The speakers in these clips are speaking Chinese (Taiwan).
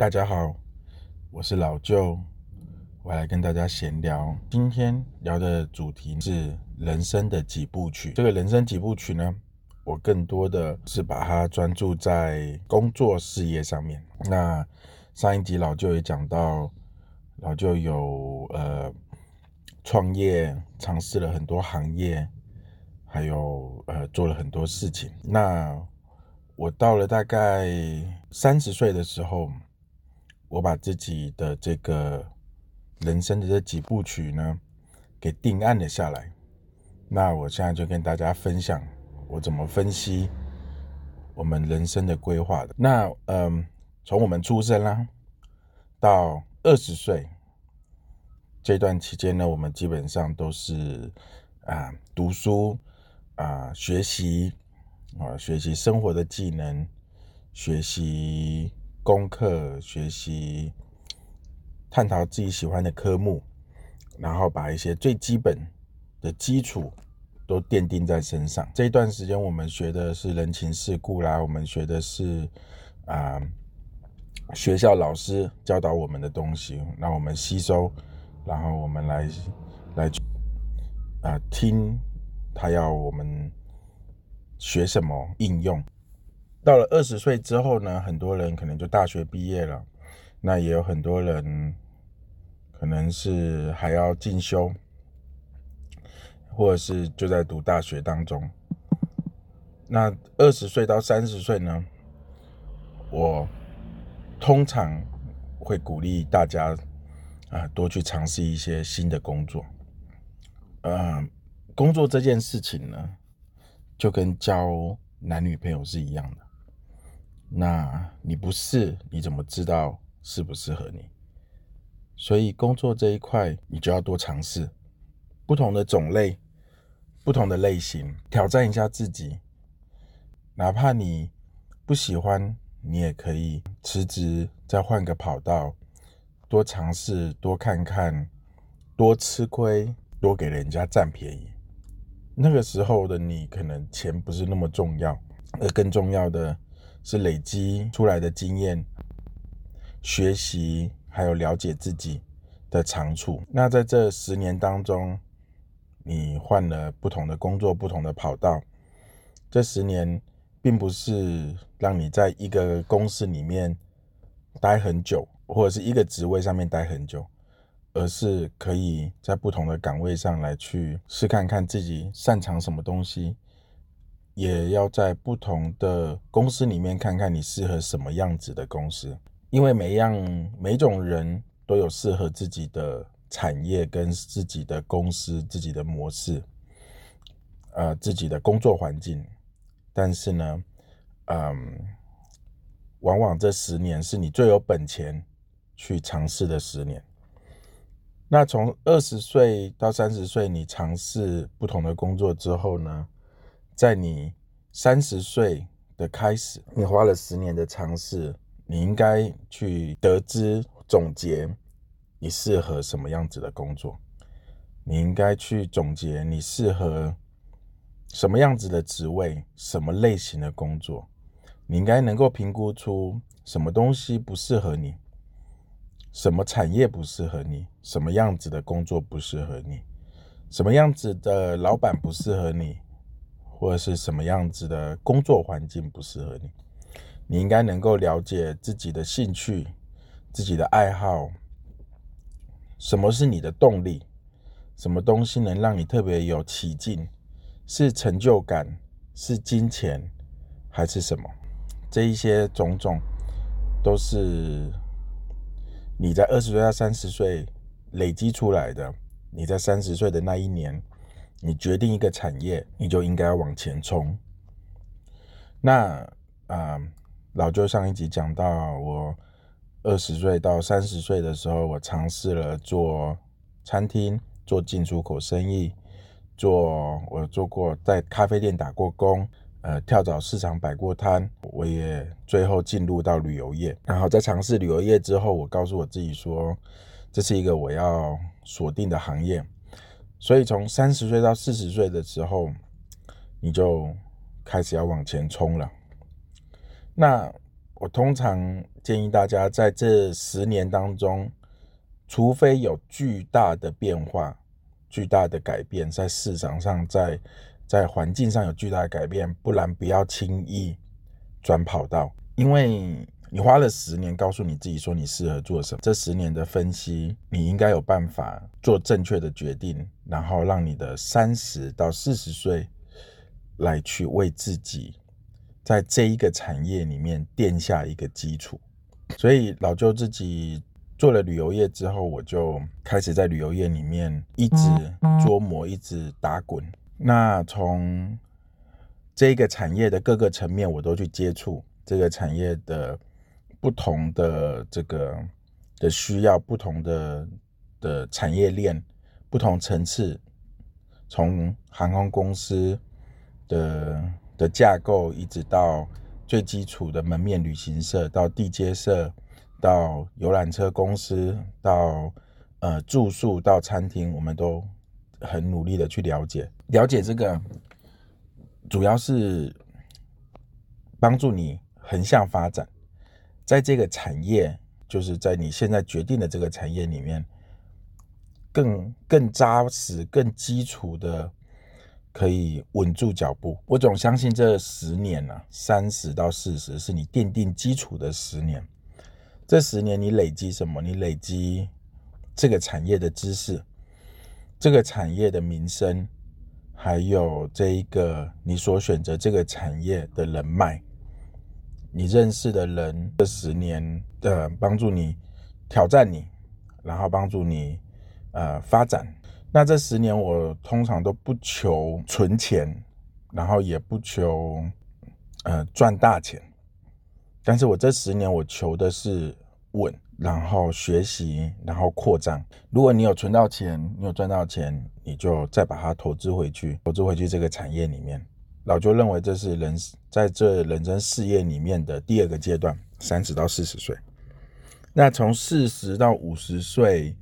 大家好，我是老 Joe，我來跟大家閒聊。今天聊的主題是人生的幾部曲。這個人生幾部曲呢，我更多的是把它專注在工作事業上面。那上一集老 Joe 也講到，老 Joe 有呃創業，嘗試了很多行業，還有呃做了很多事情。那我到了大概三十歲的時候，我把自己的這個人生的這三部曲呢，給定案了下來。那我現在就跟大家分享我怎麼分析我們人生的規劃的。那嗯、呃，從我們出生啦到二十歲這段期間呢，我們基本上都是啊讀書啊學習啊學習生活的技能學習。功課學習，探討自己喜歡的科目，然後把一些最基本的基礎都奠定在身上。這一段時間，我們學的是人情世故啦，我們學的是啊、呃、學校老師教導我們的東西，讓我們吸收，然後我們來來啊、呃、聽他要我們學什麼應用。到了二十歲之後呢，很多人可能就大學畢業了，那也有很多人可能是還要進修，或者是就在讀大學當中。那二十歲到三十歲呢，我通常會鼓勵大家啊，呃，多去嘗試一些新的工作，呃，工作這件事情呢，就跟交男女朋友是一樣的。那你不試，你怎麼知道適不適合你？所以工作這一塊，你就要多嘗試不同的種類、不同的類型，挑戰一下自己。哪怕你不喜歡，你也可以辭職，再換個跑道，多嘗試，多看看，多吃虧，多給人家佔便宜。那個時候的你，可能錢不是那麼重要，而更重要的。是累積出來的經驗、學習，還有了解自己的長處。那在這十年當中，你換了不同的工作、不同的跑道。這十年並不是讓你在一個公司裡面待很久，或者是一個職位上面待很久，而是可以在不同的崗位上來去試看看自己擅長什麼東西。也要在不同的公司裡面看看你適合什麼樣子的公司，因為每樣每種人都有適合自己的產業跟自己的公司、自己的模式，呃，自己的工作環境。但是呢，嗯、呃，往往這十年是你最有本錢去嘗試的十年。那從二十歲到三十歲，你嘗試不同的工作之後呢？在你三十歲的開始，你花了十年的嘗試，你應該去得知總結，你適合什麼樣子的工作？你應該去總結你適合什麼樣子的職位、什麼類型的工作？你應該能夠評估出什麼東西不適合你，什麼產業不適合你，什麼樣子的工作不適合你，什麼樣子的老闆不適合你。或者是什麼樣子的工作環境不適合你，你應該能夠了解自己的興趣、自己的愛好，什麼是你的動力，什麼東西能讓你特別有起勁，是成就感，是金錢，還是什麼？這一些種種，都是你在二十歲到三十歲累積出來的。你在三十歲的那一年，你決定一個產業，你就應該往前衝。那啊、嗯，老 JOE 上一集講到，我二十歲到三十歲的時候，我嘗試了做餐廳、做進出口生意，做我做過在咖啡店打過工，呃，跳蚤市場擺過攤，我也最後進入到旅遊業。然後在嘗試旅遊業之後，我告訴我自己說，這是一個我要鎖定的行業。所以從三十歲到四十歲的時候，你就開始要往前衝了。那我通常建議大家在這十年當中，除非有巨大的變化、巨大的改變，在市場上、在在環境上有巨大的改變，不然不要輕易轉跑道，因為……你花了十年告訴你自己說你適合做什麼，這十年的分析，你應該有辦法做正確的決定，然後讓你的三十到四十歲來去為自己在這一個產業裡面奠下一個基礎。所以老 Joe 自己做了旅遊業之後，我就開始在旅遊業裡面一直琢磨，一直打滾。嗯嗯、那從這個產業的各個層面，我都去接觸這個產業的。不同的這個的需要，不同的的產業鏈，不同層次，從航空公司的的架構，一直到最基礎的門面旅行社，到地接社，到遊覽車公司，到呃住宿，到餐廳，我們都很努力的去了解了解這個，主要是幫助你橫向發展。在這個產業，就是在你現在決定的這個產業裡面，更更扎實、更基礎的，可以穩住腳步。我總相信這十年啊，三十到四十是你奠定基礎的十年。這十年你累積什麼？你累積這個產業的知識，這個產業的名聲，還有這一個你所選擇這個產業的人脈。你認識的人這十年的呃幫助你挑戰你，然後幫助你呃發展。那這十年我通常都不求存錢，然後也不求呃賺大錢。但是我這十年我求的是穩，然後學習，然後擴張。如果你有存到錢，你有賺到錢，你就再把它投資回去，投資回去這個產業裡面。老 JOE 認為這是人在這人生事業裡面的第二個階段，三十到四十歲。那從四十到五十歲，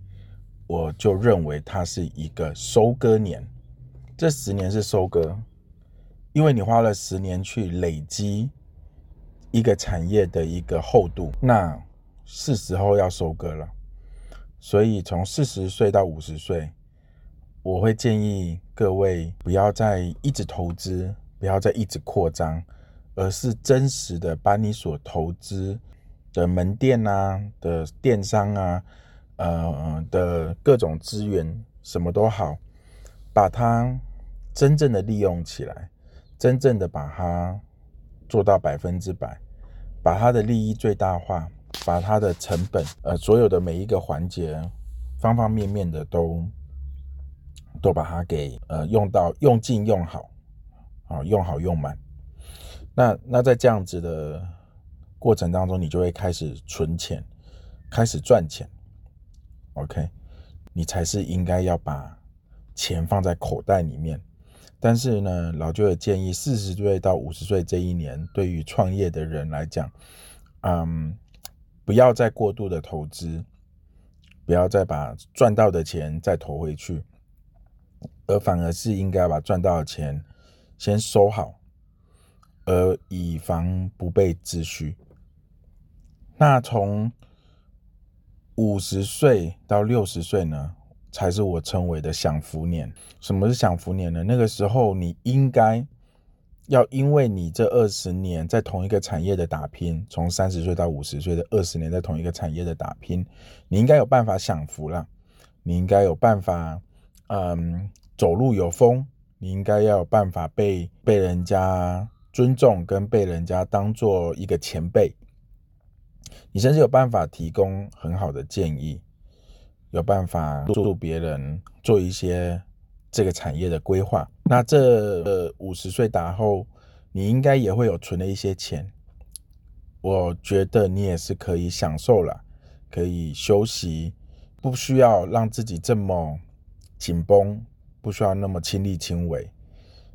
我就認為它是一個收割年，這十年是收割，因為你花了十年去累積一個產業的一個厚度，那是時候要收割了。所以從四十歲到五十歲，我會建議各位不要再一直投資。不要再一直擴張，而是真實的把你所投資的門店啊的電商啊呃的各種資源什麼都好，把它真正的利用起來，真正的把它做到百分之百，把它的利益最大化，把它的成本呃所有的每一個環節方方面面的都都把它給呃用到用盡用好。啊用好用滿，那那在這樣子的過程當中，你就會開始存錢，開始賺錢。OK，你才是應該要把錢放在口袋裡面。但是呢，老 JOE 有建議，四十歲到五十歲這一年，對於創業的人來講，嗯，不要再過度的投資，不要再把賺到的錢再投回去，而反而是應該把賺到的錢。先收好，而以防不時之需。那從五十歲到六十歲呢，才是我稱為的享福年。什麼是享福年呢？那個時候你應該要，因為你這二十年在同一個產業的打拼，從三十歲到五十歲的二十年在同一個產業的打拼，你應該有辦法享福了。你應該有辦法，嗯，走路有風。你應該要有辦法被被人家尊重，跟被人家當做一個前輩。你甚至有辦法提供很好的建議，有辦法幫助別人做一些這個產業的規劃。那這呃，五十歲打後，你應該也會有存了一些錢，我覺得你也是可以享受了，可以休息，不需要讓自己這麼緊繃。不需要那麼親力親為，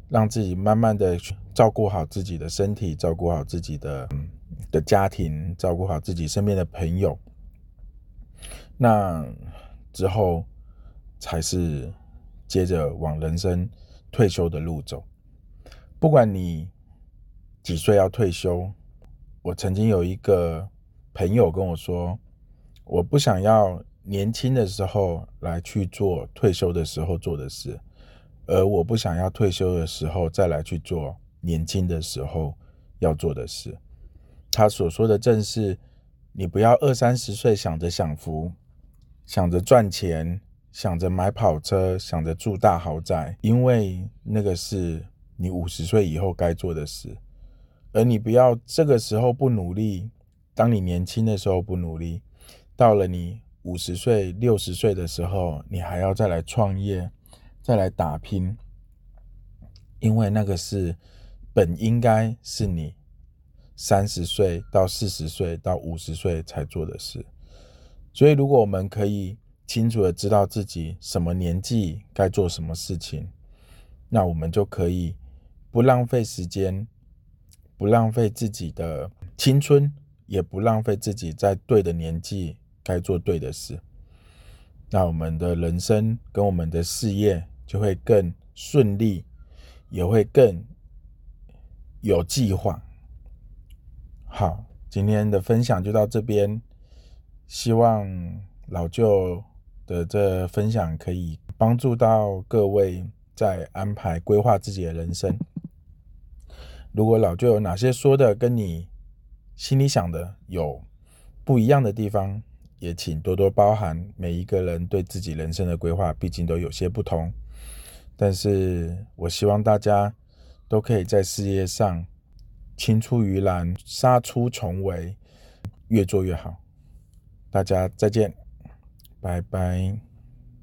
讓自己慢慢的照顧好自己的身體，照顧好自己的的家庭，照顧好自己身邊的朋友。那之後才是接着往人生退休的路走。不管你幾歲要退休，我曾經有一個朋友跟我說，我不想要。年輕的時候來去做退休的時候做的事，而我不想要退休的時候再來去做年輕的時候要做的事。他所說的正是：你不要二三十歲想着享福，想着賺錢，想着買跑車，想着住大豪宅，因為那個是你五十歲以後該做的事。而你不要這個時候不努力，當你年輕的時候不努力，到了你。五十歲、六十歲的時候，你還要再來創業、再來打拼，因為那個是本應該是你三十歲到四十歲到五十歲才做的事。所以，如果我們可以清楚地知道自己什麼年紀該做什麼事情，那我們就可以不浪費時間，不浪費自己的青春，也不浪費自己在對的年紀。該做對的事，那我們的人生跟我們的事業就會更順利，也會更有計劃。好，今天的分享就到這邊，希望老 Joe 的這分享可以幫助到各位在安排規劃自己的人生。如果老 Joe 有哪些說的跟你心裡想的有不一樣的地方，也請多多包涵，每一個人對自己人生的規劃，畢竟都有些不同。但是我希望大家都可以在事業上青出於藍，殺出重圍，越做越好。大家再見，拜拜。